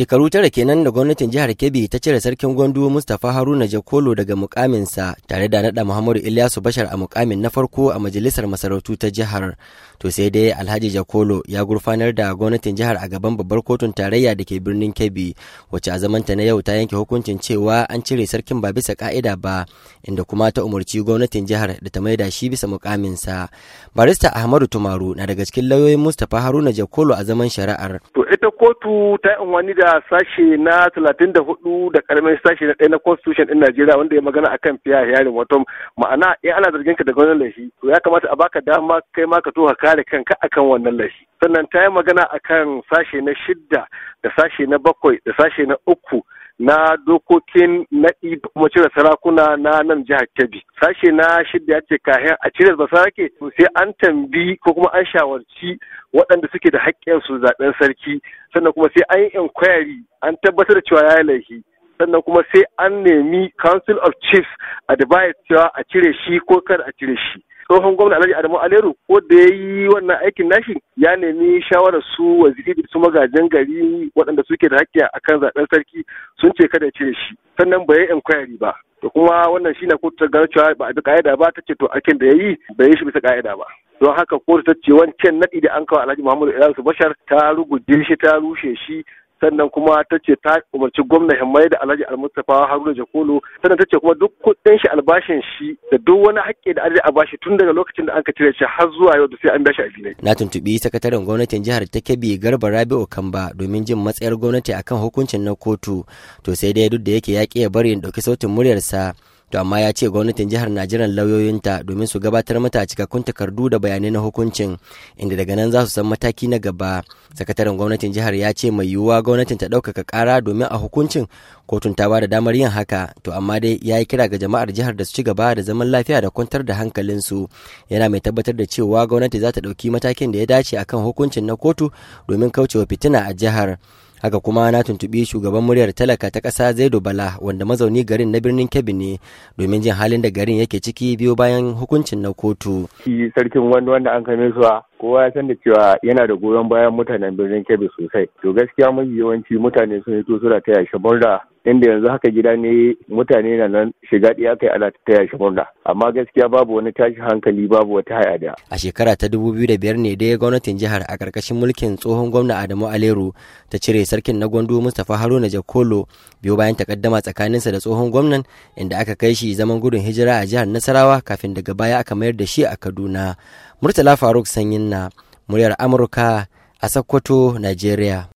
Shekaru tara kenan da gwamnatin jihar Kebbi ta cire sarkin gwandu Mustapha Haruna Jakolo daga mukaminsa tare da nada Muhammadu Ilyasu Bashar a mukamin na farko a majalisar masarautu ta jihar. To sai dai Alhaji Jakolo ya gurfanar da gwamnatin jihar a gaban babbar kotun tarayya da ke birnin Kebbi wacce a zamanta na yau ta yanke hukuncin cewa an cire sarkin ba bisa ka'ida ba inda kuma ta umarci gwamnatin jihar da ta maida shi bisa mukaminsa. Barista Ahmadu Tumaru na daga cikin lauyoyin Mustapha Haruna Jakolo a zaman shari'ar. To ita kotu ta wani da sashe na 34 da karamin sashe na ɗaya na constitution ɗin Najeriya wanda ya magana akan fiya yarin wato ma'ana in ana zargin ka da wannan laifi to ya kamata a baka dama kai ma ka to ka kare kanka akan wannan laifi sannan ta yi magana akan sashe na shidda da sashe na bakwai da sashe na uku na dokokin naɗi kuma cire sarakuna na nan jihar Kebbi. Sashe na shidda ya ce kayan a cire basarake to sai an tambi ko kuma an shawarci waɗanda suke da haƙƙin su zaɓen sarki sannan kuma sai an yi inquiry an tabbatar da cewa ya yi laifi sannan kuma sai an nemi council of chiefs a dubai cewa a cire shi ko kar a cire shi tsohon gwamna alhaji adamu aleru ko da ya yi wannan aikin nashi ya nemi shawarar su waziri su magajin gari waɗanda suke da haƙƙi kan zaɓen sarki sun ce kada cire shi sannan bai yi inquiry ba to kuma wannan shine kotu ta gano cewa ba a bi ka'ida ba ta ce to aikin da ya yi bai yi shi bisa ka'ida ba don haka kotu ta ce wancan naɗi da an kawo alhaji muhammadu ilhamu bashar ta ruguje shi ta rushe shi sannan kuma ta ce ta umarci gwamna himmai da alhaji mustafawa haruna jakolo sannan ta ce kuma duk kuɗin shi albashin shi da duk wani haƙƙi da arziki a bashi tun daga lokacin da anka cire shi har zuwa yau da sai an bashi a filai. na tuntuɓi sakataren gwamnatin jihar ta kebe garba rabi'u kamba domin jin matsayar gwamnati akan hukuncin na kotu to sai dai duk da yake ya yaƙi ya bari in ɗauki sautin muryarsa to amma ya ce gwamnatin jihar na jiran lauyoyinta domin su gabatar mata cikakkun takardu da bayanai na hukuncin inda daga nan za su san mataki na gaba sakataren gwamnatin jihar ya ce mai yiwuwa gwamnatin ta ɗaukaka ƙara domin a hukuncin kotun ta ba da damar yin haka to amma dai ya yi kira ga jama'ar jihar da su ci gaba da zaman lafiya da kwantar da hankalinsu yana mai tabbatar da cewa gwamnati za ta ɗauki matakin da ya dace akan hukuncin na kotu domin kaucewa fitina a jihar haka kuma na tuntuɓi shugaban muryar talaka ta ƙasa zaido bala wanda mazauni garin na birnin kebbi ne domin jin halin da garin yake ciki biyo bayan hukuncin na kotu sarkin wani wanda an kame su kowa ya san da cewa yana da goyon bayan mutanen birnin kebbi sosai to gaskiya mafi yawanci mutane sun yi to ta yashe murda inda yanzu haka gida ne mutane na nan shiga ɗaya kai ana ta yashi murna amma gaskiya babu wani tashi hankali babu wata hayada. A shekara ta dubu biyu da biyar ne dai gwamnatin jihar a ƙarƙashin mulkin tsohon gwamna Adamu Aleru ta cire sarkin na Gwandu Mustapha Haruna Jakolo biyo bayan takaddama tsakaninsa da tsohon gwamnan inda aka kai shi zaman gudun hijira a jihar Nasarawa kafin daga baya aka mayar da shi a Kaduna. Murtala Faruk Sanyin na muryar Amurka a Sokoto, Najeriya.